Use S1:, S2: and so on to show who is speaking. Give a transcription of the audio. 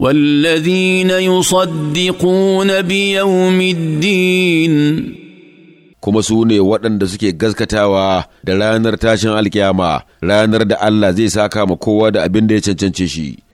S1: والذين يصدقون بيوم الدين kuma su ne waɗanda suke gaskatawa da ranar tashin alkiyama ranar da Allah zai saka ma kowa da abin da ya cancance shi